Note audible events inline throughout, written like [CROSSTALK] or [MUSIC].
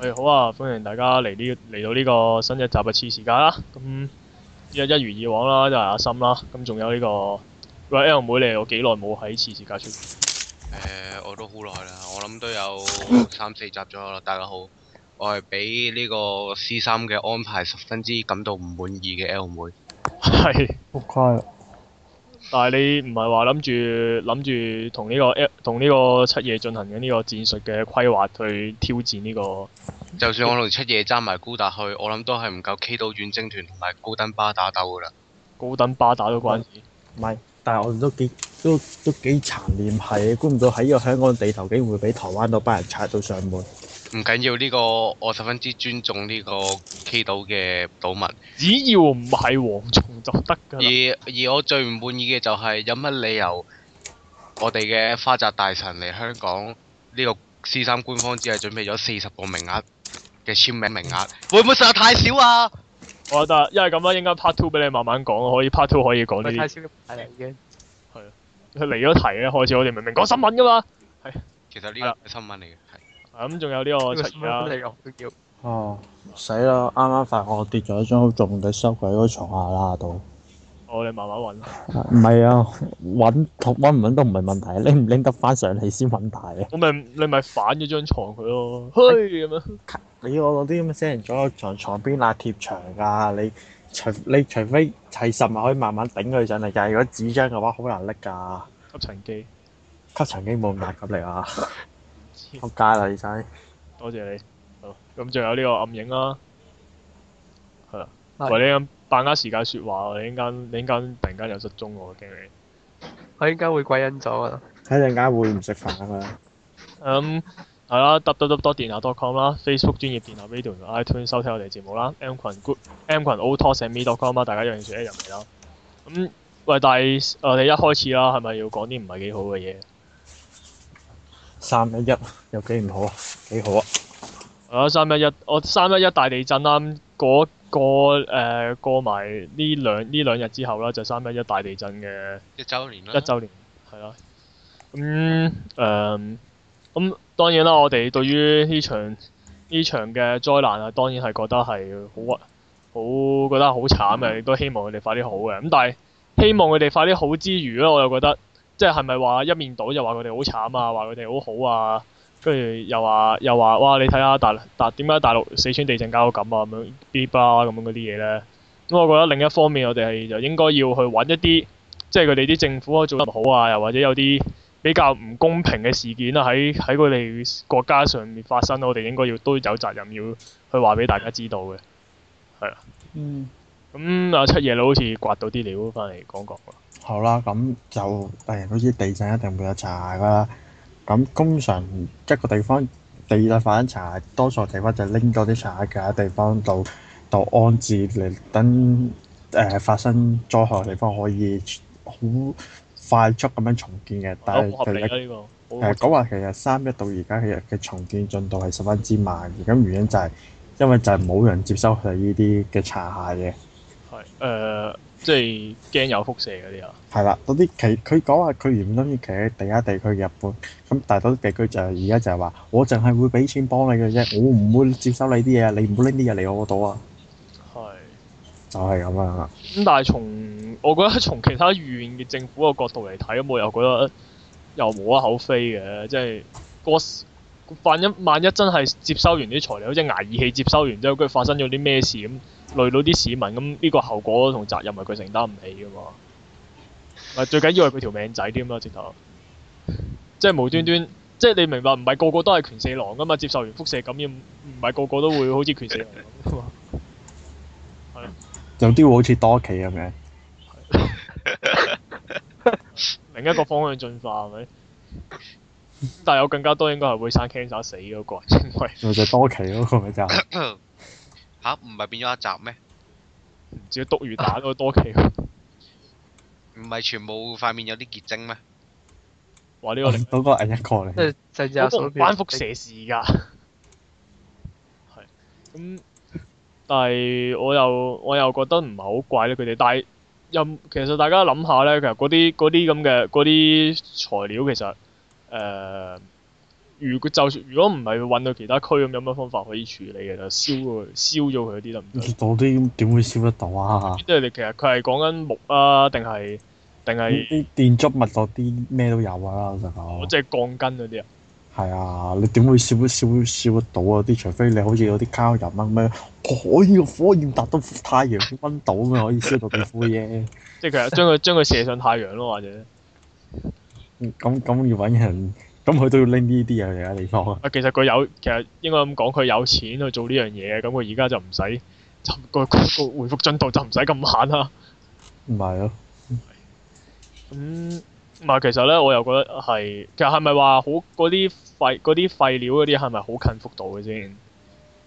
係、hey, 好啊！歡迎大家嚟呢嚟到呢個新一集嘅次時間啦、啊！咁、嗯、一一如以往啦，就係、是、阿心啦。咁、嗯、仲有呢、這個喂 L 妹，你有幾耐冇喺次時間出？誒、呃，我都好耐啦，我諗都有三四集左右啦。大家好，我係俾呢個 C 三嘅安排十分之感到唔滿意嘅 L 妹是。係，好快啊！但係你唔係話諗住諗住同呢個同呢個七夜進行緊呢個戰術嘅規劃去挑戰呢個？就算我同七夜揸埋高達去，我諗都係唔夠 K 到遠征團同埋高登巴打鬥噶啦。高登巴打都關事、啊？唔係，但係我哋都幾都都幾殘念，係估唔到喺呢個香港地頭，竟然會俾台灣嗰班人插到上門。唔緊要呢個，我十分之尊重呢個 K 島嘅島民。只要唔係蝗蟲就得噶。而而我最唔滿意嘅就係、是、有乜理由？我哋嘅花澤大臣嚟香港呢、這個 C3 官方只係準備咗四十個名額嘅簽名名額。會唔會實在太少啊？我覺得因係咁啦，一陣 part two 俾你慢慢講，可以 part two 可以講呢啲。太少，係啦已經。係啊，佢離咗題咧，開始我哋明明講新聞噶嘛。係，其實呢個係新聞嚟嘅。咁仲、嗯、有呢個七啊！哦，死啦！啱啱發我跌咗一張好重嘅書喺嗰床下拉度。我哋慢慢揾。唔係啊，揾同揾唔揾都唔係問題，拎唔拎得翻上嚟先問題。我咪你咪反咗張床佢咯，去咁樣。你我嗰啲咁嘅新人仔，床床邊拉貼牆噶，你除你除非係神，可以慢慢頂佢上嚟。但係如果紙張嘅話，好難拎噶。吸塵機，吸塵機冇咁大壓力啊。 [LAUGHS] 街佳麗仔，多謝你。好，咁、嗯、仲有呢個暗影啦，係啦。的喂，你咁把握時間説話喎，你陣間，你陣間突然間又失蹤嘅驚你。我應該會鬼隱咗、 [LAUGHS] 嗯、啦。睇陣間會唔食飯啊嘛。咁係啦，得得得 d o t d o t c o m 啦，Facebook 專業電話 video 同 iTunes 收聽我哋節目啦。M 群 Good，M 群 oldtalksammy.com 啦，大家用住 A 入嚟啦。咁、嗯，喂，但係我哋一開始啦，係咪要講啲唔係幾好嘅嘢？三一一有幾唔好，好啊？幾好啊？啊，三一一，我三一一大地震啦，咁過過誒、呃、過埋呢兩呢兩日之後啦，就三一一大地震嘅一周年啦，一周年係啦。咁誒，咁當然啦，我哋對於呢場呢場嘅災難啊，當然係覺得係好好，好覺得好慘嘅，亦都希望佢哋快啲好嘅。咁但係希望佢哋快啲好之餘咧，我又覺得。即係係咪話一面倒就話佢哋好慘啊，話佢哋好好啊，跟住又話又話，哇！你睇下大大點解大陸四川地震搞到咁啊咁樣 B 啊，咁樣嗰啲嘢呢。」咁我覺得另一方面我，我哋係就應該要去揾一啲，即係佢哋啲政府做得唔好啊，又或者有啲比較唔公平嘅事件啦，喺喺佢哋國家上面發生，我哋應該要都要有責任要去話俾大家知道嘅。係啊。咁阿、嗯、七爺佬好似刮到啲料翻嚟講講。好啦，咁就例如好似地震一定會有查噶啦。咁通常一個地方地震發生查，多數地方就拎多啲查下假地方到到安置嚟，等誒、呃、發生災害嘅地方可以好快速咁樣重建嘅。但係、啊啊、其實呢、這個誒講、呃、話其實三一到而家嘅嘅重建進度係十分之慢，而咁原因就係、是、因為就係冇人接收佢呢啲嘅查下嘅。係誒。呃即係驚有輻射嗰啲啊，係啦，嗰啲其佢講話佢唔諗住企喺其他地區日本，咁但係多啲地區就係而家就係話，我淨係會俾錢幫你嘅啫，我唔會接收你啲嘢，你唔好拎啲嘢嚟我嗰度啊，係，就係咁啊。咁但係從我覺得從其他遠嘅政府嘅角度嚟睇，我又覺得又無可厚非嘅，即係個萬一萬一真係接收完啲材料，好似捱義氣接收完之後，跟住發生咗啲咩事咁。累到啲市民，咁呢個後果同責任係佢承擔唔起噶嘛？唔係最緊要係佢條命仔添啦，直頭，即係無端端，即、就、係、是、你明白唔係個個都係拳四郎噶嘛？接受完輻射感染，唔係個個都會好似拳四郎咁嘛？係有啲會好似多企咁樣， [LAUGHS] 另一個方向進化係咪？但係有更加多應該係會生 cancer 死嗰、那個，因為 [LAUGHS] [LAUGHS] 就多企嗰個咪就。 [COUGHS] 嚇，唔係變咗一集咩？唔知督魚打多期。唔係全部塊面有啲結晶咩？話呢個嗰個係一個嚟。即係直接反輻射線㗎。係。咁，但係我又我又覺得唔係好怪咧，佢哋。但係，又其實大家諗下咧，其實嗰啲嗰啲咁嘅嗰啲材料其實誒。如果就算如果唔係揾到其他區咁，有咩方法可以處理嘅？就燒佢，燒咗佢啲得唔得？嗰啲點會燒得到啊？即係你其實佢係講緊木啊，定係定係啲建築物嗰啲咩都有啊，就係。即係鋼筋嗰啲啊。係啊，你點會燒燒燒得到啊？啲除非你好似有啲膠油啊咩，可以火焰達到太陽嘅溫度咁樣 [LAUGHS] 可以燒到變灰啫。 [LAUGHS] 即係佢係將佢將佢射上太陽咯，或者。咁咁要揾人。咁佢都要拎呢啲嘢去其他地方啊？啊，其實佢有，其實應該咁講，佢有錢去做呢樣嘢，咁佢而家就唔使，就個個回復進度就唔使咁慢啦。唔係咯。咁唔係，其實咧，我又覺得係，其實係咪話好嗰啲廢嗰啲廢料嗰啲係咪好近幅度嘅先？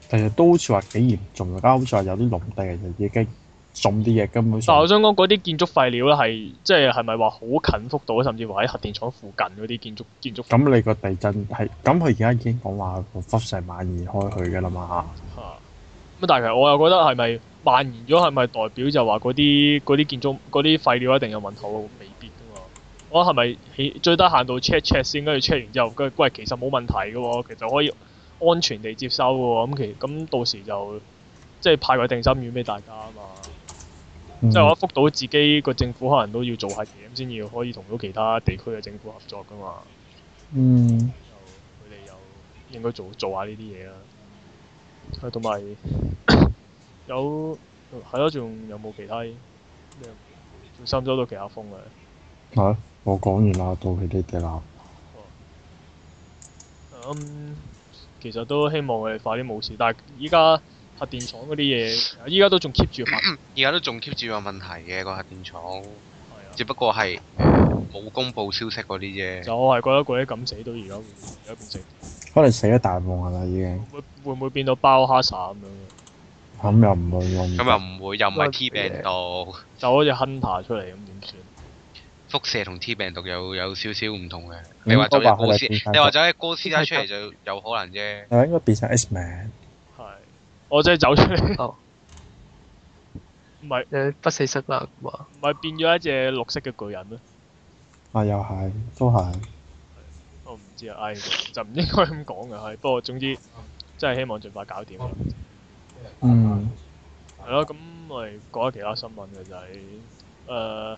其實都好似話幾嚴重，而家好似話有啲農地係已經。重啲嘢根本。但我想講嗰啲建築廢料咧，係即係係咪話好近福島，甚至話喺核電廠附近嗰啲建築建築。咁你個地震係咁？佢而家已經講話、個輻射蔓延開去㗎啦嘛嚇。咁、啊、但係其實我又覺得係咪蔓延咗係咪代表就話嗰啲啲建築嗰啲廢料一定有問題，未必㗎嘛。我係咪起最低限度 check check 先，跟住 check 完之後，佢喂，其實冇問題㗎喎，其實可以安全地接收喎。咁其咁到時就即係、就是、派個定心丸俾大家啊嘛。嗯、即係我福島自己個政府，可能都要做下嘢咁先，至可以同到其他地區嘅政府合作噶嘛。嗯。就佢哋又應該做做下呢啲嘢啦。係，同埋 [COUGHS] 有係咯，仲有冇其他咩？從深圳到其他風嘅。係、啊，我講完啦，到佢哋地啦。嗯，其實都希望佢哋快啲冇事，但係依家。核電廠嗰啲嘢，依家都仲 keep 住。而家都仲 keep 住有問題嘅個核電廠，啊、只不過係冇公佈消息嗰啲啫。就我係覺得嗰啲咁死都而家而家半死，可能死咗大半啦已經。會會唔會變到包哈薩咁樣？咁、嗯、又唔會，咁又唔會，又唔係 T 病毒，為就好似 Hunter 出嚟咁點算？輻射 t 點點同 T 病毒有有少少唔同嘅。你話就哥斯，哥你話就哥斯拉出嚟就有可能啫。應該變成 X Man。我真係走出嚟。唔係誒不死色啦，唔係、sure、變咗一隻綠色嘅巨人咩？啊，又係，都係。 [LAUGHS] 我唔知啊，唉、哎，就唔應該咁講嘅，係。不過總之，真係希望盡快搞掂。嗯、oh.。係咯、mm. [LAUGHS] 咁我哋講下其他新聞嘅就係、是、誒、呃，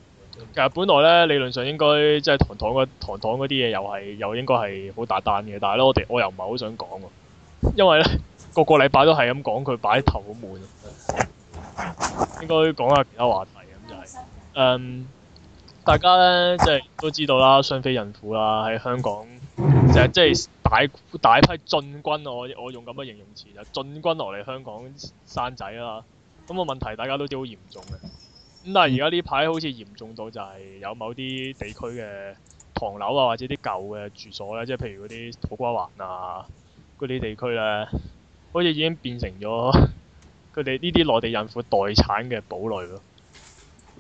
其實本來咧理論上應該即係堂堂嗰堂堂啲嘢又係又應該係好大單嘅，但係咧我哋我又唔係好想講喎，因為咧。 [LAUGHS] 個個禮拜都係咁講，佢擺頭好悶。應該講下其他話題咁就係、是嗯，大家呢，即係都知道啦，雙非孕婦啦，喺香港即係大大批進軍，我我用咁嘅形容詞就是、進軍落嚟香港生仔啦。咁、個問題大家都知好嚴重嘅。咁但係而家呢排好似嚴重到就係有某啲地區嘅唐樓啊，或者啲舊嘅住所咧，即係譬如嗰啲土瓜灣啊嗰啲地區呢。好似已經變成咗佢哋呢啲內地孕婦待產嘅堡壘咯。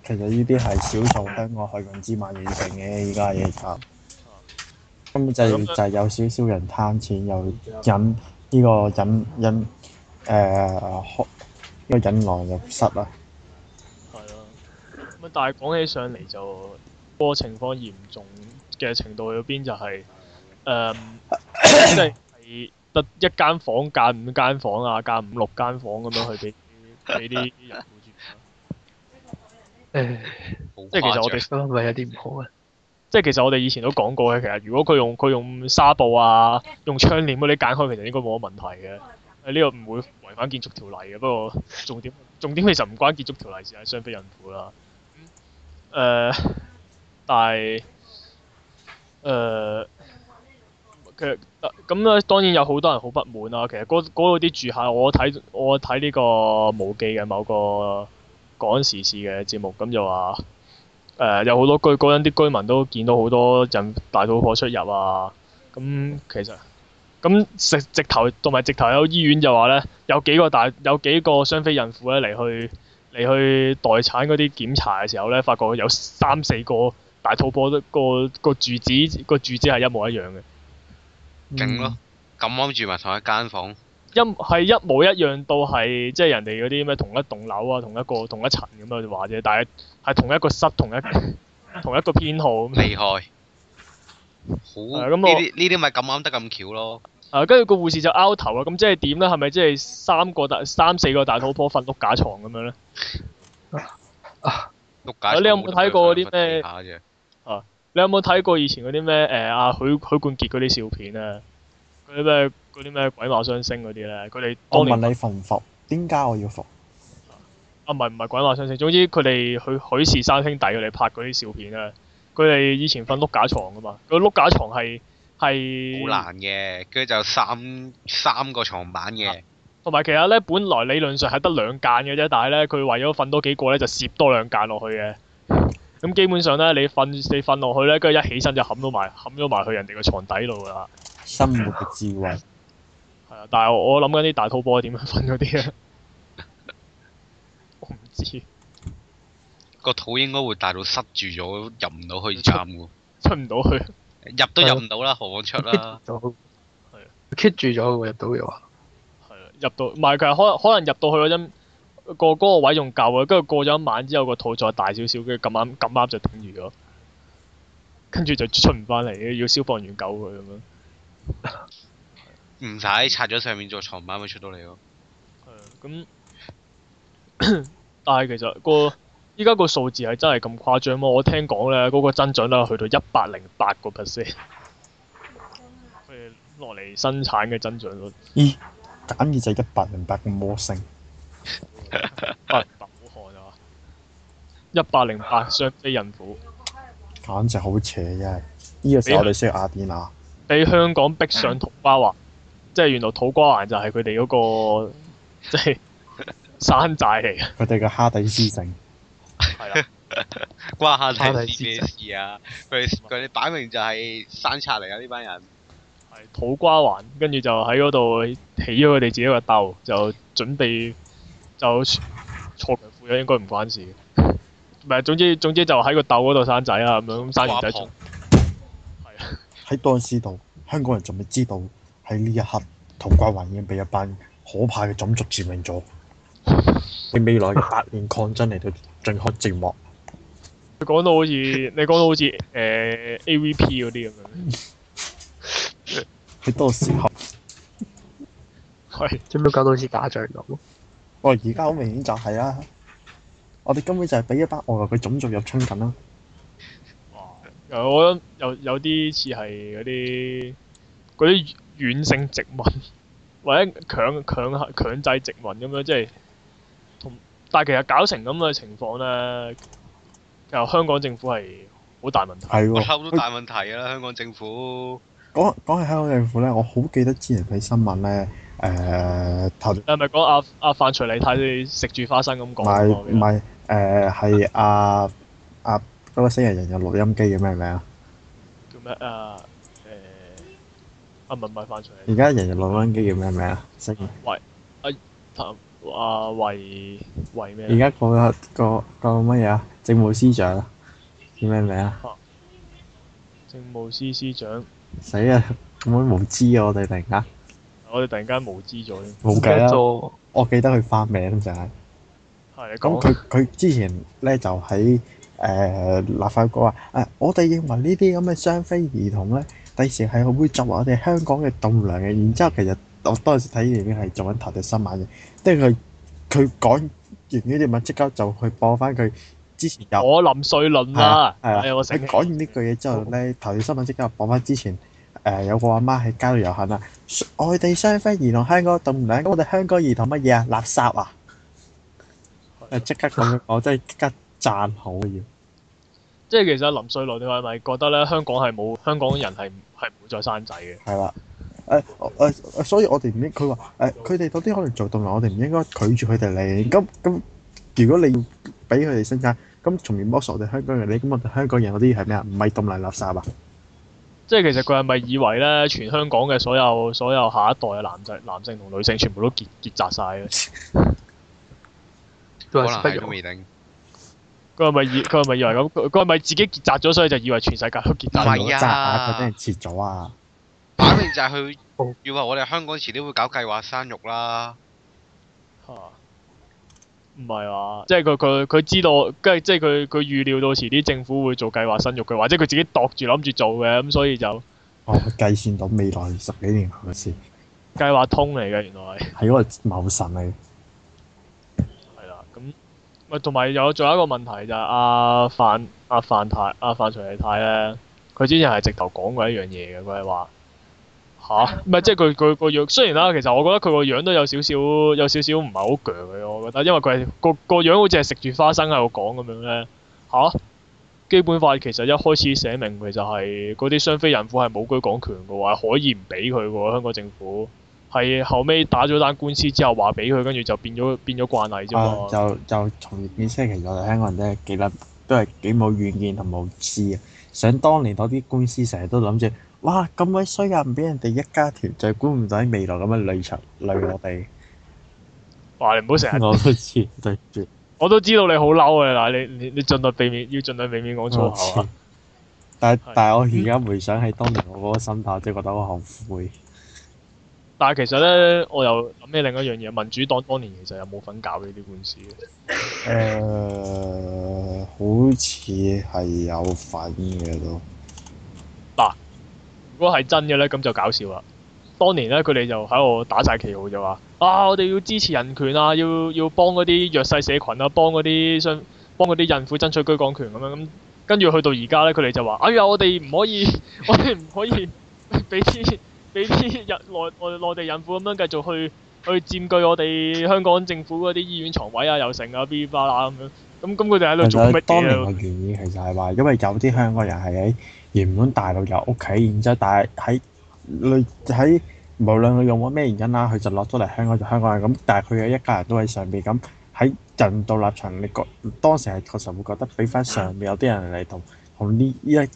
其實呢啲係小草香港海蔘芝麻完成嘅，而家啊。咁就係就係有少少人貪錢，又引呢、這個引引誒，因為引狼入室啦，係咯、啊。咁但係講起上嚟就個情況嚴重嘅程度有邊就係誒，即係。得一間房間五間房啊，間五六間房咁樣去俾俾啲人住 [LAUGHS] [LAUGHS] 即係其實我哋分咪有啲唔好啊！ [LAUGHS] 即係其實我哋以前都講過嘅，其實如果佢用佢用紗布啊、用窗簾嗰啲間開，其實應該冇乜問題嘅。呢、啊這個唔會違反建築條例嘅。不過重點重點其實唔關建築條例事，係雙非孕婦啦。誒、呃，但係誒。呃咁咧當然有好多人好不滿啦。其實嗰度啲住客，我睇我睇呢個無記嘅某個講時事嘅節目，咁就話誒、呃、有好多居嗰陣啲居民都見到好多人大肚婆出入啊。咁其實咁食直頭同埋直頭有醫院就話咧，有幾個大有幾個雙非孕婦咧嚟去嚟去待產嗰啲檢查嘅時候咧，發覺有三四個大肚婆都個，個住址個住址係一模一樣嘅。勁咯，咁啱住埋同一間房，一係、嗯、一模一樣到係，即、就、係、是、人哋嗰啲咩同一棟樓啊，同一個同一層咁啊，就話啫。但係係同一個室，同一同一個編號。厲害，好。誒咁我呢啲咪咁啱得咁巧咯。啊，跟住、啊、個護士就拗頭啊。咁即係點咧？係咪即係三個大、三四個大肚婆瞓碌架床咁樣咧？ [LAUGHS] 啊，碌架床、啊。你有冇睇過啲咩？你有冇睇過以前嗰啲咩？誒、呃、啊許許冠傑嗰啲笑片啊，嗰啲咩啲咩鬼馬雙星嗰啲咧？佢哋當年我問你服唔服？點解我要服？啊，唔係唔係鬼馬雙星，總之佢哋許許氏三兄弟佢哋拍嗰啲笑片啊，佢哋以前瞓碌架床噶嘛，個碌架床係係好難嘅，跟住就三三個床板嘅。同埋、啊、其實咧，本來理論上係得兩間嘅啫，但係咧佢為咗瞓多幾個咧，就攝多兩間落去嘅。咁基本上咧，你瞓你瞓落去咧，跟住一起身就冚到埋，冚到埋去人哋個床底度噶啦。生活嘅智慧係啊，但係我諗緊啲大肚婆點樣瞓嗰啲啊？ [LAUGHS] 我唔知個肚應該會大到塞住咗，入唔到去參噶，出唔到去，入都入唔到啦， [LAUGHS] 的何況出啦？係啊，keep 住咗喎，入到又係啊，入到唔係，佢實可能可能入到去嗰陣。過嗰個位仲夠啊，跟住過咗一晚之後個肚再大少少，跟住咁啱咁啱就頂住咗，跟住就出唔翻嚟，要消防員救佢咁樣。唔使拆咗上面座床板咪出到嚟咯。咁、嗯、 [COUGHS] 但係其實、個依家個數字係真係咁誇張麼誇張？我聽講呢，嗰、嗰個增長率去到一百零八個 percent。誒，落嚟生產嘅增長率。咦？簡直就一百零八個魔星。 [LAUGHS] 八百虎漢啊！一百零八雙非孕婦，簡直好邪！真係呢、這個時候你識阿典娜，俾香港逼上土瓜灣，嗯、即係原來土瓜灣就係佢哋嗰個即係 [LAUGHS] [LAUGHS] 山寨嚟嘅，佢哋嘅蝦底絲城係啦，關蝦底絲咩事啊？佢哋擺明就係山賊嚟嘅呢班人，係土瓜灣，跟住就喺嗰度起咗佢哋自己個竇，就準備。就坐強富人應該唔關事嘅，唔係，總之總之就喺個竇嗰度生仔啦，咁樣咁生完仔仲係喺當時度，香港人仲未知道喺呢一刻，土瓜灣已經俾一班可怕嘅種族佔領咗，你未來嘅百年抗爭嚟到進行寂寞 [LAUGHS] ，佢講到好似你講、呃、到好似誒 A V P 嗰啲咁樣，喺當時學係，做咩搞到好似打仗咁？我而家好明顯就係啦，我哋根本就係俾一班外來嘅種族入侵緊啦。哇！我覺得有有啲似係嗰啲，嗰啲軟性殖民，或者強強強制殖民咁樣，即係同，但係其實搞成咁嘅情況呢，就香港政府係好大問題。係喎、哦，溝到大問題啦，我香港政府。講講起香港政府咧，我好記得之前睇新聞咧，誒、呃、頭。係咪講阿阿范徐麗泰食住花生咁講？唔係唔係誒，係阿阿嗰個死人人有錄音機叫咩名啊？叫咩啊？誒阿文咪范徐。而家人有錄音機叫咩名啊？姓？維阿譚阿維維咩？而家講緊個，嗰個乜嘢啊？政務司長叫咩名啊？政務司司長。死啊！咁樣無知啊！我哋突然間，我哋突然間無知咗。冇計啦。我記得佢發名就係，係咁佢佢之前咧就喺誒、呃、立法局話誒，我哋認為呢啲咁嘅雙非兒童咧，第時係會作為我哋香港嘅棟樑嘅。然之後其實我當時睇完已經係做緊頭條新聞嘅，跟住佢佢講完呢啲咪即刻就去播翻佢。之前有我林瑞麟啊，係啊，你講完呢句嘢之後咧，頭條新聞即刻又播翻之前誒有個阿媽喺街度遊行啊，外地雙飛兒童香港棟樓，咁我哋香港兒童乜嘢啊？垃圾啊！即刻講，我真係即刻贊好要。即係其實林瑞麟你係咪覺得咧，香港係冇香港人係係唔會再生仔嘅？係啦，誒誒，所以我哋唔應佢話誒，佢哋嗰啲可能做棟樓，我哋唔應該拒絕佢哋嚟。咁咁，如果你要俾佢哋生產。咁從而剝削我哋香港人，你咁我哋香港人嗰啲係咩啊？唔係棟爛垃圾啊！即係其實佢係咪以為咧，全香港嘅所有所有下一代嘅男仔、男性同女性，全部都結結紮曬咧？佢係咪以佢係咪以為咁？佢係咪自己結紮咗，所以就以為全世界都結紮？唔係啊！佢真係切咗啊！反正 [LAUGHS] 就係佢 [LAUGHS] 要話我哋香港遲啲會搞計劃生育啦。嚇！ [LAUGHS] 唔係話，即係佢佢佢知道，跟即係佢佢預料到遲啲政府會做計劃生育嘅，或者佢自己度住諗住做嘅咁，所以就哦計算到未來十幾年開始計劃通嚟嘅，原來係因為謀神嚟係啦。咁咪同埋有仲有一個問題就係、是、阿、啊、范，阿、啊、范太阿、啊、范徐麗泰咧，佢之前係直頭講過一樣嘢嘅，佢係話。嚇，唔係、啊、即係佢佢個樣，雖然啦，其實我覺得佢個樣都有少少有少少唔係好強嘅，我覺得，因為佢係個個樣好似係食住花生喺度講咁樣咧。嚇、啊！基本法其實一開始寫明，其實係嗰啲雙非孕婦係冇居港權嘅話，可以唔俾佢嘅喎，香港政府係後尾打咗單官司之後話俾佢，跟住就變咗變咗慣例啫嘛、啊。就就從呢些其實香港人都係幾得，都係幾冇怨言同冇知啊！想當年嗰啲官司，成日都諗住。哇！咁鬼衰啊，唔俾人哋一家團聚，估唔到喺未來咁樣累出累我哋。哇！你唔好成日我都知，對住 [LAUGHS] 我都知道你好嬲啊！嗱，你你你盡量避免，要盡量避免講粗口。但係但係，我而家回想起當年我嗰個心態，即係的覺得好後悔。但係其實咧，我又諗起另一樣嘢，民主黨當，當年其實有冇份搞呢啲官司誒， [LAUGHS] uh, 好似係有份嘅都。如果係真嘅呢，咁就搞笑啦。當年呢，佢哋就喺度打晒旗號，就話啊，我哋要支持人權啊，要要幫嗰啲弱勢社群啊，幫嗰啲相幫啲孕婦爭取居港權咁、啊、樣。咁跟住去到而家呢，佢哋就話：哎呀，我哋唔可以，我哋唔可以俾啲俾啲內內內地孕婦咁樣繼續去去佔據我哋香港政府嗰啲醫院床位啊，又剩啊，B B 啦咁樣。咁咁佢哋喺度做乜嘢啊？嗯嗯嗯、當年嘅原因其實係話，因為有啲香港人係喺原本大陸有屋企，然之後但係喺你喺無論佢用咗咩原因啦，佢就落咗嚟香港做香港人咁。但係佢有一家人都喺上邊咁，喺人道立場，你覺當時係確實會覺得畀返上邊有啲人嚟同同呢一月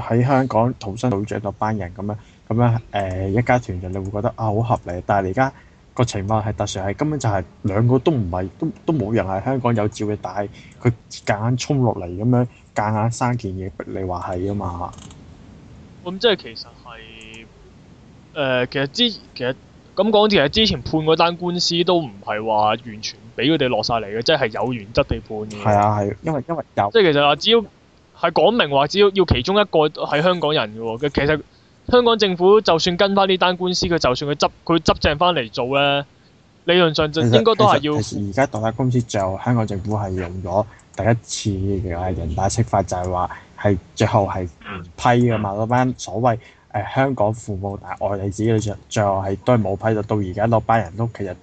喺香港土生土長嗰班人咁樣咁樣誒、呃、一家團聚，你會覺得啊好合理。但係而家。個情況係特殊，係根本就係兩個都唔係，都都冇人係香港有照嘅，但係佢夾硬衝落嚟咁樣，夾硬生件嘢，你話係啊嘛？咁、嗯、即係其實係誒、呃，其實之其實咁講，其實之前判嗰單官司都唔係話完全俾佢哋落晒嚟嘅，即係有原則地判嘅。係啊係，因為因為有。即係其實話，只要係講明話，只要要其中一個係香港人嘅喎，其實。香港政府就算跟翻呢單官司，佢就算佢執佢執正翻嚟做咧，理論上就應該都係要。而家獨立公司最後，香港政府係用咗第一次，嘅人大釋法就，就係話係最後係唔批嘅嘛。嗰班、嗯、所謂誒、呃、香港父母帶外地子女，最最後係都係冇批到。到而家落班人都其實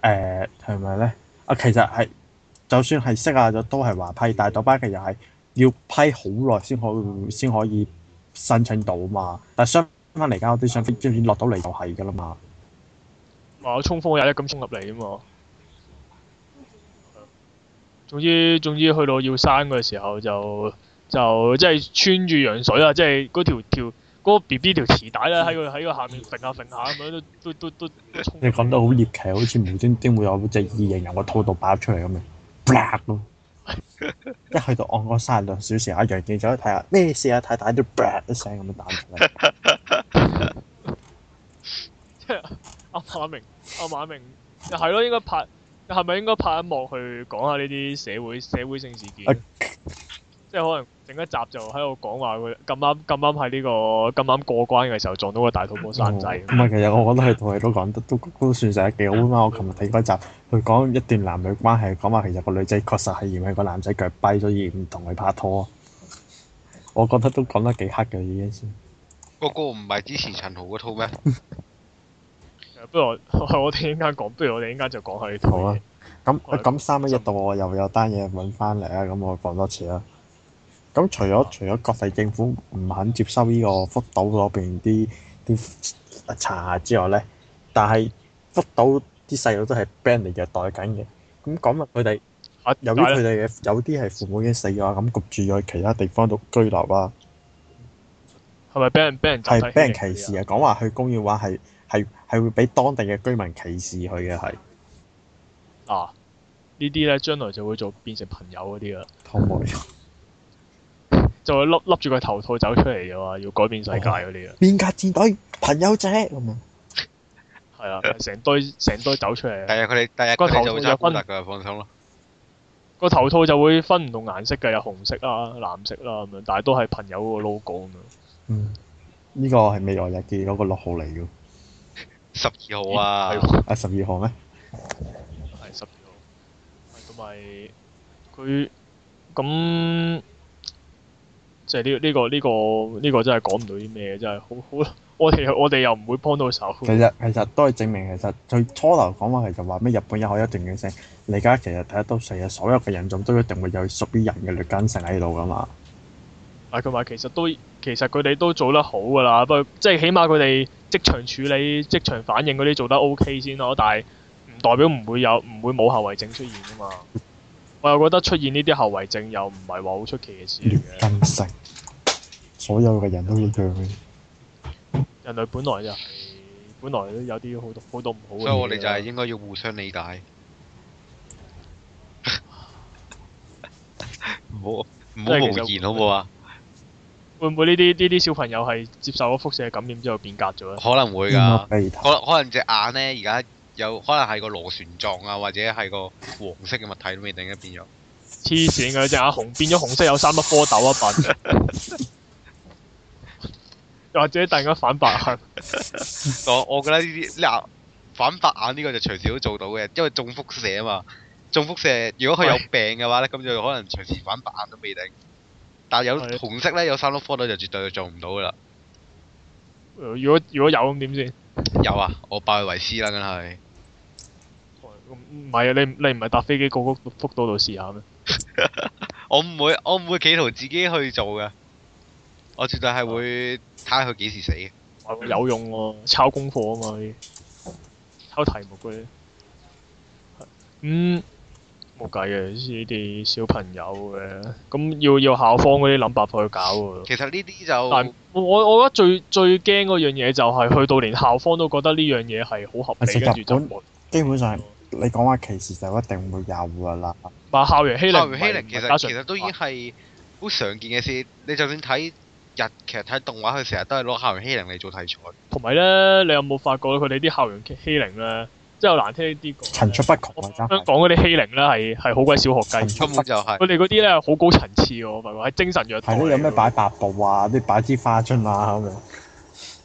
誒係咪咧？啊，其實係就算係釋下咗，都係話批，但係嗰班其實又係要批好耐先可先可以。嗯申請到嘛？但係翻翻嚟間嗰啲相片，點點落到嚟就係㗎啦嘛。唔係我衝鋒，有一一咁衝入嚟啊嘛。總之總之，去到要生嘅時候就就即係、就是、穿住羊水啦，即係嗰條條嗰、那個 B B 條臍帶咧，喺個喺個下面揈下揈下咁樣都都都都。你講得好獵奇，好似無端端會有隻異形由我肚度爆出嚟咁樣。 [LAUGHS] 一去到按嗰三廿兩小時，阿楊健就去睇下咩事啊！太太都，啪一聲咁樣打落嚟。即係阿馬明，阿、啊、馬明係咯，應該拍係咪應該拍一幕去講下呢啲社會社會性事件？ [LAUGHS] [LAUGHS] 即係可能。另一集就喺度講話，佢咁啱咁啱喺呢個咁啱過關嘅時候撞到個大肚婆生仔，嗯。唔、嗯、係，其實我覺得係同佢都講得都都算成、嗯、係幾好啊！我琴日睇嗰集，佢講、嗯、一段男女關係，講話其實個女仔確實係嫌棄個男仔腳跛咗而唔同佢拍拖。我覺得都講得幾黑嘅已經先。嗰個唔係之前陳豪嗰套咩 [LAUGHS] [LAUGHS] 不如我哋應該講，不如我哋應該就講下呢套啦。咁咁三一一度，我又有單嘢揾翻嚟啊！咁我講多次啦。咁除咗、啊、除咗國際政府唔肯接收呢個福島嗰邊啲啲查茶之外咧，但係福島啲細路都係俾人哋虐待緊嘅。咁講話佢哋由於佢哋嘅有啲係父母已經死咗，咁焗是住去其他地方度居留啊。係咪俾人俾是人係俾人歧視啊？講話去公園嘅話係係係會俾當地嘅居民歧視佢嘅係。啊！呢啲咧將來就會做變成朋友嗰啲啦。同 [LAUGHS] [LAUGHS] 就會笠笠住個頭套走出嚟嘅話，要改變世界嗰啲啊！變革、哦、戰隊朋友仔咁樣，係 [LAUGHS] 啊，成堆成堆走出嚟。係啊，佢哋，但係個頭套就分，個就放心咯。個頭套就會分唔同顏色嘅，有紅色啦、藍色啦咁樣，但係都係朋友個 logo 咁樣。嗯，呢個係未來日記嗰個六號嚟嘅，十二號啊，係十二號咩？係十二號，同埋佢咁。即係呢呢個呢個呢個真係講唔到啲咩，真係好好我哋我哋又唔會幫到手其。其實其實都係證明，其實最初頭講話其實話咩日本有好一定嘅性，你而家其實睇得多成日，所有嘅人種都一定會有屬於人嘅劣根性喺度噶嘛。啊，同埋其實都其實佢哋都做得好噶啦，不過碼即係起碼佢哋職場處理、職場反應嗰啲做得 OK 先咯。但係唔代表唔會有唔會冇後遺症出現噶嘛。我又覺得出現呢啲後遺症又唔係話好出奇嘅事嘅。劣根性 [LAUGHS] 所有嘅人都一樣嘅。人類本來就係、本來都有啲好多好多唔好嘅。所以我哋就係應該要互相理解。唔好唔好無言會會好唔好啊？會唔會呢啲呢啲小朋友係接受咗輻射感染之後變格咗咧？可能會㗎。可能可能隻眼咧而家。有可能係個螺旋狀啊，或者係個黃色嘅物體都未定， [LAUGHS] 變咗黐線嘅隻阿紅變咗紅色有三粒蝌蚪啊份，又 [LAUGHS] 或者大家反白眼。我 [LAUGHS] 我覺得呢啲反白眼呢個就隨時都做到嘅，因為中輻射啊嘛，中輻射如果佢有病嘅話咧，咁是的 就可能隨時反白眼都未定。但係有紅色咧有三粒蝌蚪就絕對做唔到噶啦。如果如果有咁點先？有啊，我拜佢為師啦，梗係。唔係啊，你你唔係搭飛機過嗰個福島度試下咩？ [LAUGHS] 我唔會，我唔會企圖自己去做㗎。我絕對係會睇下佢幾時死、啊、有用喎、啊，抄功課啊嘛，啲抄題目嘅。嗯。冇計嘅，呢啲小朋友嘅，咁要要校方嗰啲諗辦法去搞喎。其實呢啲就，但係我我覺得最最驚嗰樣嘢就係、是、去到連校方都覺得呢樣嘢係好合理。跟住就基本上你講話歧視就一定會有噶啦。但校，校園欺凌，校園欺凌其實其實都已經係好常見嘅事。你就算睇日劇睇動畫，佢成日都係攞校園欺凌嚟做題材。同埋呢，你有冇發覺佢哋啲校園欺凌呢？真係難聽啲，這個，層出不窮。香港嗰啲欺凌咧，係係好鬼小學雞。根本就係佢哋嗰啲咧，好高層次喎，係精神虐待。有咩擺八道啊？啲擺支花樽啊咁樣，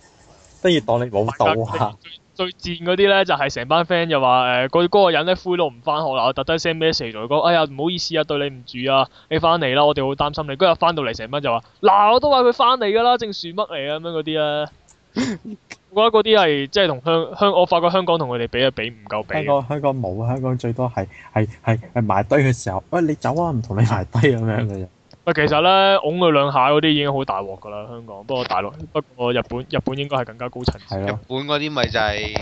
[LAUGHS] 都要當你冇到，啊、最、最賤嗰啲咧，就係成班 friend 就話誒，嗰、嗰個人咧，灰都唔翻學嗱，我特登 send 咩事同佢講哎呀，唔好意思啊，對你唔住啊，你翻嚟啦，我哋好擔心你。嗰日翻到嚟，成班就話嗱，我都話佢翻嚟噶啦，正樹乜嚟啊咁樣嗰啲啊。 [LAUGHS] 我覺得嗰啲係即係同香香，我發覺香港同佢哋比啊，比唔夠比香。香港香港冇，香港最多係係係係埋堆嘅時候，喂、啊，你走啊，唔同你埋堆咁樣嘅啫。喂， [LAUGHS] 其實咧，拱佢兩下嗰啲已經好大鑊噶啦，香港。不過大陸，不過日本，日本應該係更加高層次。係日本嗰啲咪就係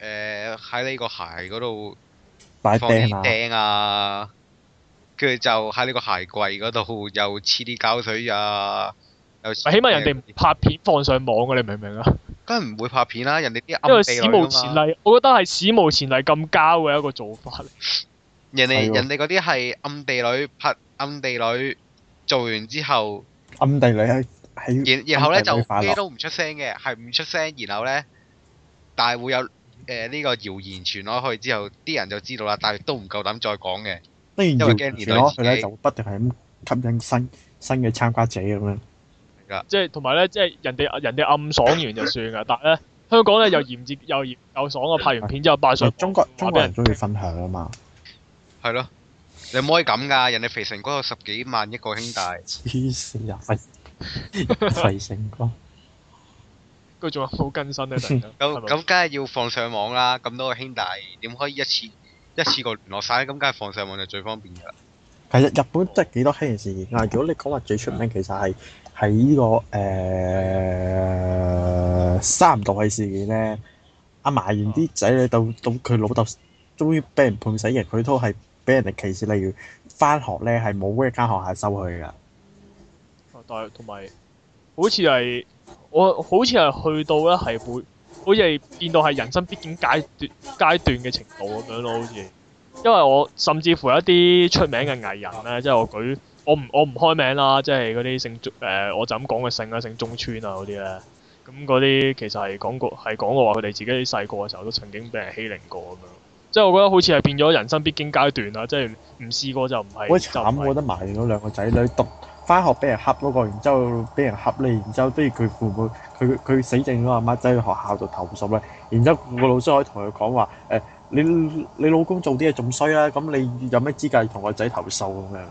誒喺呢個鞋嗰度擺釘啊，跟住、啊、就喺呢個鞋櫃嗰度又黐啲膠水啊。起碼人哋拍片放上網嘅，你明唔明啊？梗係唔會拍片啦，人哋啲暗地女啊嘛。因為史無前例，我覺得係史無前例咁高嘅一個做法。人哋人哋嗰啲係暗地女拍暗地女，做完之後，暗地女喺喺然然後咧就咩都唔出聲嘅，係唔出聲，然後咧，但係會有誒呢個謠言傳落去之後，啲人就知道啦，但係都唔夠膽再講嘅。因為驚啲人咯，佢咧就不停係咁吸引新新嘅參加者咁樣。即係同埋咧，即係人哋人哋暗爽完就算噶，但係咧香港咧又嫌字又嫌又爽啊！拍完片之後，擺上中國中國人中意分享啊嘛，係咯，你唔可以咁噶，人哋肥城哥有十幾萬億個兄弟，黐線啊！肥肥城哥，佢仲話好更新咧，突然間咁咁，梗係要放上網啦！咁多個兄弟點可以一次一次過聯絡晒咧？咁梗係放上網就最方便噶。其實日本真係幾多黑人事件啊！如果你講話最出名，其實係。喺呢、這個誒、呃、三毒嘅事件咧，阿嫲完啲仔女到到佢老豆終於俾人判死刑，佢都係俾人哋歧視，例如翻學咧係冇一間學校收佢噶。但係同埋，好似係我好似係去到咧，係會好似係變到係人生必經階段階段嘅程度咁樣咯，好似。因為我甚至乎有一啲出名嘅藝人咧，即係我舉。我唔我唔開名啦，即係嗰啲姓中、呃、我就咁講嘅姓啦，姓中村啊嗰啲咧。咁嗰啲其實係講過係講過話，佢哋自己細個嘅時候都曾經俾人欺凌過咁樣。即係我覺得好似係變咗人生必經階段啦，即係唔試過就唔係。好慘，我覺得埋煩到兩個仔女讀翻學俾人恰嗰、嗰個，然之後俾人恰你，然之後啲佢父母佢佢死淨咗阿媽去學校度投訴咧，然之後個老師可以同佢講話誒，你你老公做啲嘢仲衰啦，咁你有咩資格同個仔投訴咁樣？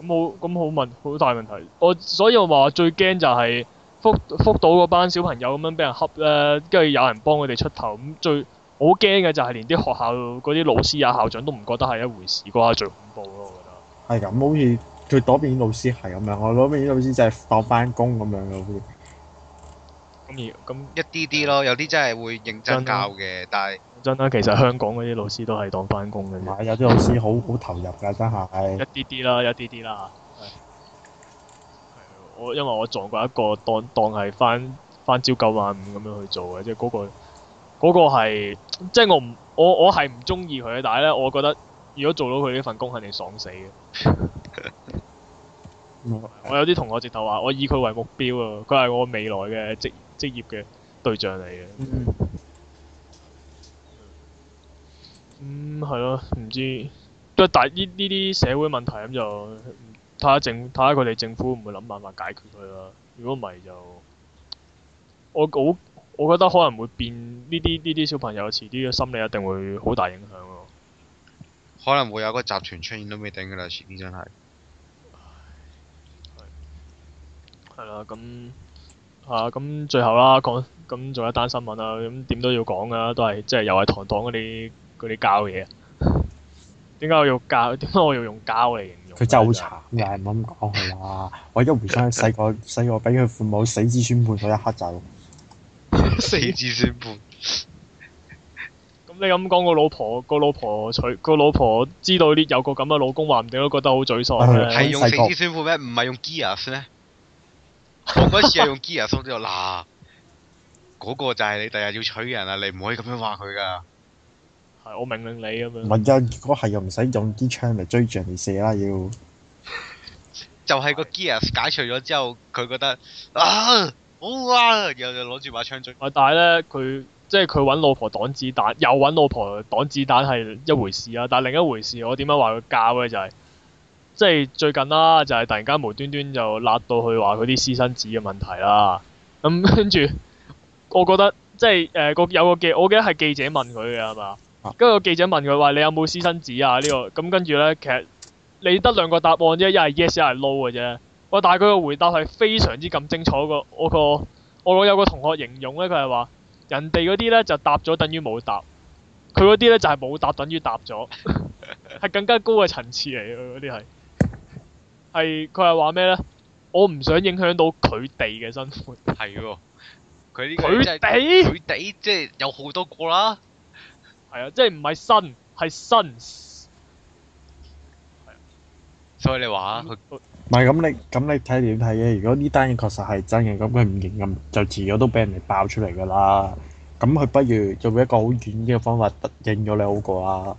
咁好，咁好問，好大問題。我所以我話最驚就係福、福島嗰班小朋友咁樣俾人恰咧，跟、啊、住有人幫佢哋出頭。咁、嗯、最好驚嘅就係連啲學校嗰啲老師啊、校長都唔覺得係一回事啩，最恐怖咯，我覺得。係咁、嗯，好似最左邊啲老師係咁樣，我左邊啲老師就係當班工咁樣嘅老師。好咁那一啲啲咯，有啲真係會認真教嘅，但係是認真啦、啊，其實香港嗰啲老師都係當翻工嘅。有啲老師好好 [LAUGHS] 投入噶，真係一啲啲啦，一啲啲啦。我因為我撞過一個當當係翻翻朝九晚五咁樣去做嘅，即係嗰個嗰、那個係即係我唔我我係唔中意佢但係呢，我覺得如果做到佢呢份工，肯定爽死嘅。我 [LAUGHS] [LAUGHS] 我有啲同學直頭話我以佢為目標啊，佢係我未來嘅職業。職業嘅對象嚟嘅。嗯。咁係咯，唔知都係大呢呢啲社會問題，咁就睇下政睇下佢哋政府會唔會諗辦法解決佢啦。如果唔係就，我好我，我覺得可能會變呢啲呢啲小朋友遲啲嘅心理一定會好大影響喎。可能會有個集團出現都未定㗎啦，遲啲真係。係。係啦，咁、嗯。啊，咁最後啦，講咁做、嗯、一單新聞啦，咁、嗯、點都要講噶，都係即係又係堂堂嗰啲啲膠嘢。點解我要膠？點解我要用膠嚟形容？佢真係好慘嘅，唔好咁講佢啦。我一回想細個細個俾佢父母死之宣判嗰一刻就死之宣判。咁 [LAUGHS] [LAUGHS] 你咁講個老婆，個老婆娶個老婆，知道啲有個咁嘅老公，話唔定都覺得好沮喪嘅。係 [LAUGHS] 用死之宣判咩？唔係用 gears 咩？ [LAUGHS] 我嗰次係用 gear 送咗，嗱，嗰、那個就係你第日要娶嘅人啊！你唔可以咁樣話佢噶。係，我命令你咁樣。萬一如果係又唔使用支槍嚟追住人哋射啦，要。 [LAUGHS] 就係個 gear 對 解除咗之後，佢覺得啊，好啊，然後就攞住把槍追。啊！又又但係咧，佢即係佢搵老婆擋子彈，又搵老婆擋子彈係一回事啊，嗯、但係另一回事。我點樣話佢教咧就係、是。即係最近啦、啊，就係、是、突然間無端端就辣到去話嗰啲私生子嘅問題啦。咁、嗯、跟住，我覺得即係誒個有個記，我記得係記者問佢嘅係嘛。跟住、啊、記者問佢話：你有冇私生子啊？這個嗯、呢個咁跟住咧，其實你得兩個答案啫，一係 yes，一係 no 嘅啫。我但係佢嘅回答係非常之咁精彩，個我個我有個同學形容咧，佢係話人哋嗰啲咧就答咗等於冇答，佢嗰啲咧就係、是、冇答等於答咗，係 [LAUGHS] 更加高嘅層次嚟嘅嗰啲係。係佢係話咩咧？我唔想影響到佢哋嘅生活。係喎，佢呢個即係佢哋，佢哋即係有好多個啦。係啊，即係唔係新，係新。所以你話啊，唔係咁你咁你睇，點睇嘅？如果呢單嘢確實係真嘅，咁佢唔認，咁就遲早都俾人哋爆出嚟噶啦。咁佢不如做一個好軟嘅方法得認咗你好過啊。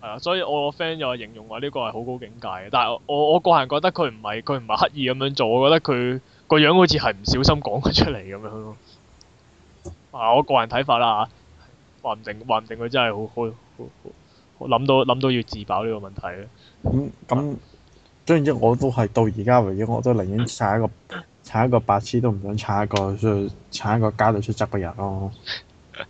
係啊，所以我個 friend 又形容話呢個係好高境界嘅，但係我我個人覺得佢唔係佢唔係刻意咁樣做，我覺得佢個樣好似係唔小心講咗出嚟咁樣咯。啊，我個人睇法啦嚇，話唔定話唔定佢真係好好好諗到諗到要自爆呢個問題咧。咁咁、嗯，總言之，我都係到而家為止，我都寧願踩一個踩 [LAUGHS] 一個白痴都唔想踩一個出踩一個家裏出汁嘅人咯。 [LAUGHS]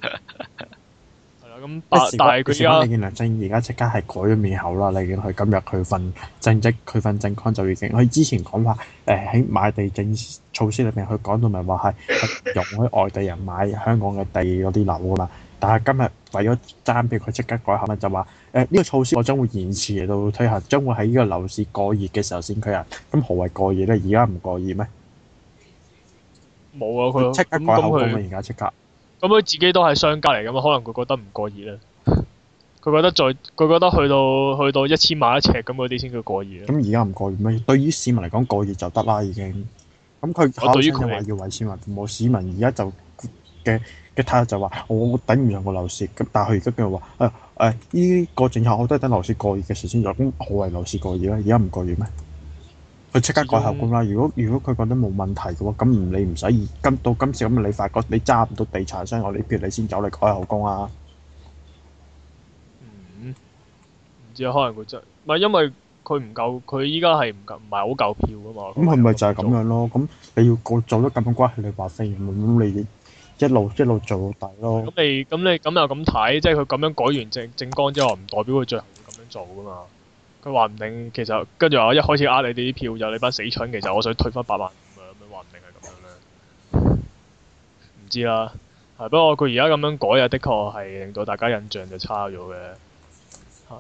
咁但係佢而家，你見梁振英而家即刻係改咗面口啦！你見佢今日佢份正職，佢份政綱，就已經佢之前講話誒喺、呃、買地政措施裏邊，佢講到咪話係容許外地人買香港嘅地嗰啲樓啦。但係今日為咗爭俾佢即刻改口，咪就話誒呢個措施我將會延遲嚟到推行，將會喺呢個樓市過熱嘅時候先推行。咁何為過，過熱咧？而家唔過熱咩？冇啊！佢即刻改口咁啊！而家即刻。咁佢自己都係商家嚟噶嘛，可能佢覺得唔過熱咧，佢覺得再佢覺得去到去到一千萬一尺咁嗰啲先叫過熱！咁而家唔過熱咩？對於市民嚟講過熱就得啦已經。咁佢對於佢話要為市民，冇市民而家就嘅嘅態度就話我頂唔上個樓市咁，但係佢而家佢話誒誒呢個政策我都係等樓市過熱嘅時先做，咁何為樓市過熱啦。而家唔過熱咩？佢即刻改口供啦！如果如果佢覺得冇問題嘅話，咁唔理唔使而今到今時咁，你發覺你揸唔到地產商嗰啲票，你先走嚟改口供啊！嗯，唔知啊，可能佢真唔係因為佢唔夠，佢依家係唔夠，唔係好夠票㗎嘛。咁係咪就係咁樣咯？咁你要做做得咁乖，你話事，咁你一路一路做到底咯。咁你咁你咁又咁睇，即係佢咁樣改完政綱之後，唔代表佢最後會咁樣做㗎嘛？佢話唔定，其實跟住我一開始呃你哋啲票就你班死蠢，其實我想退翻八萬咁樣，話唔定係咁樣啦。唔知啦，係，不過佢而家咁樣改啊，的確係令到大家印象就差咗嘅。係、啊，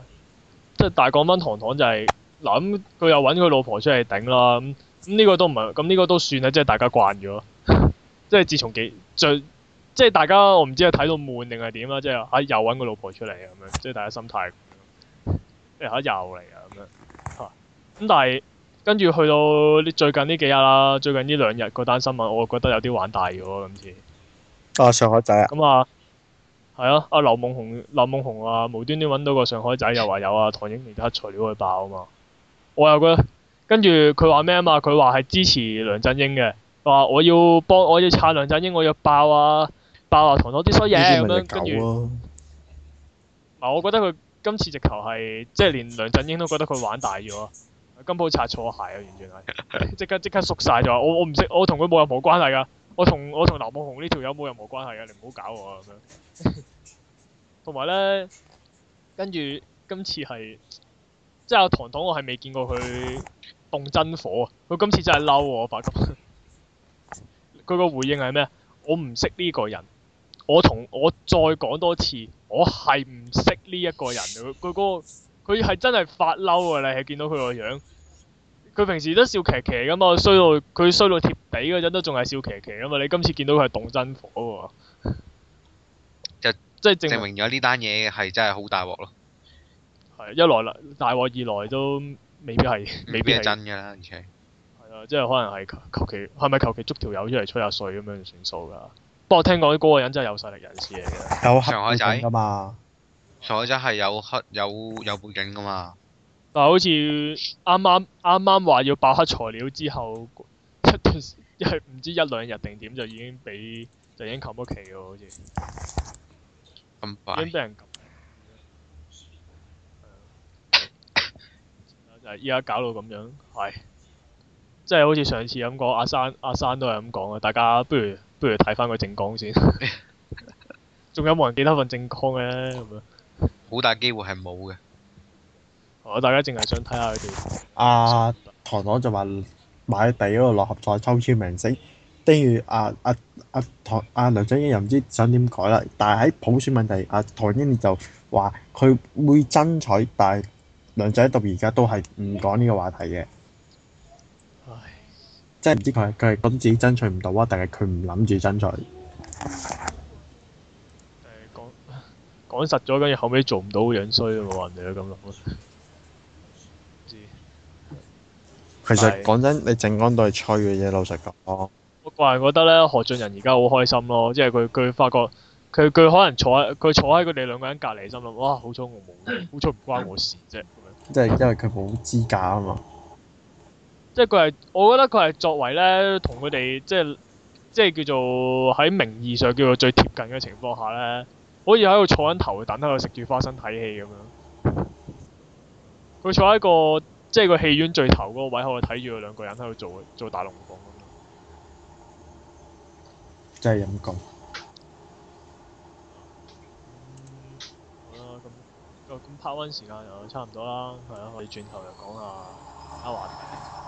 即係大講翻唐唐就係嗱咁，佢、啊嗯、又揾佢老婆出嚟頂啦。咁、嗯、呢、嗯呢個都唔係，咁、嗯、呢、呢個都算啦，即係大家慣咗。 [LAUGHS] 即係自從幾最，即係大家我唔知係睇到悶定係點啦。即係嚇、啊、又揾個老婆出嚟咁樣，即係大家心態。又嚟啊咁樣嚇，咁但係跟住去到最近呢幾日啦，最近呢兩日嗰單新聞，我覺得有啲玩大咗。咁子號日號日號日號日。啊，上海仔啊！咁啊，係啊，阿劉夢紅、劉夢紅啊，無端端揾到個上海仔，又話有啊，唐英年家材料去爆啊嘛！我又覺得跟住佢話咩啊嘛？佢話係支持梁振英嘅，話我要幫，我要撐梁振英，我要爆啊，爆啊唐英年啲衰嘢咁樣。嗱，我覺得佢。今次直頭係即係連梁振英都覺得佢玩大咗，金寶擦錯鞋啊，完全係即 [LAUGHS] 刻即刻縮晒就話我我唔識，我同佢冇任何關係㗎，我同我同劉夢熊呢條友冇任何關係㗎，你唔好搞我啊咁樣。同 [LAUGHS] 埋呢，跟住今次係，即係阿唐唐，我係未見過佢動真火啊！佢今次真係嬲我發覺，佢 [LAUGHS] 個回應係咩？我唔識呢個人，我同我再講多次。我係唔識呢一個人，佢佢、嗰個佢係真係發嬲啊！你係見到佢個樣，佢平時都笑騎騎㗎嘛，衰到佢衰到貼地嗰陣都仲係笑騎騎㗎嘛！你今次見到佢係動真火喎，就即係證明咗呢單嘢係真係好大鑊咯。係一來大鑊，二來都未必係未必係真㗎啦，而且係啊，即係可能係求求其係咪求其捉條友出嚟吹下水咁樣算數㗎？不過聽講啲嗰個人真係有勢力人士嚟嘅，有上海仔㗎嘛？上海仔係有黑有有背景㗎嘛？但係、啊、好似啱啱啱啱話要爆黑材料之後一段，一係唔知一兩日定點就已經俾就已經冚屋企喎，好似咁快。杯已經俾人被、嗯。 [COUGHS] 就係依家搞到咁樣，係即係好似上次咁講，阿珊，阿珊都係咁講嘅，大家不如。不如睇翻個政綱先， [LAUGHS] 仲有冇人記得份政綱咧？咁樣好大機會係冇嘅。我大家淨係想睇下佢哋、啊。阿、啊、唐總就話買地嗰度六合彩抽籤明星，跟住阿阿阿唐阿、啊、梁振英又唔知想點改啦。但係喺普選問題，阿、啊、唐振英就話佢會爭取，但係梁振英到而家都係唔講呢個話題嘅。唉。即係唔知佢係佢係覺得自己爭取唔到啊，定係佢唔諗住爭取？誒、呃、講講實咗，跟住後尾做唔到，樣衰啊嘛！人哋都咁諗啦。知其實講但真，你靜安都係吹嘅嘢，老實講。我個人覺得咧，何俊仁而家好開心咯，即係佢佢發覺佢佢可能坐喺佢坐喺佢哋兩個人隔離，心諗哇，好彩我冇， [LAUGHS] 好彩唔關我事啫。即係因為佢冇資格啊嘛。即係佢係，我覺得佢係作為咧，同佢哋即係即係叫做喺名義上叫做最貼近嘅情況下咧，好似喺度坐緊頭等喺度食住花生睇戲咁樣。佢坐喺個即係個戲院最頭嗰個位，喺度睇住佢兩個人喺度做做大龍鳳咁樣。真係咁講。好啦，咁咁 part one 時間又差唔多啦，係啊，可以轉頭又講下其他話題。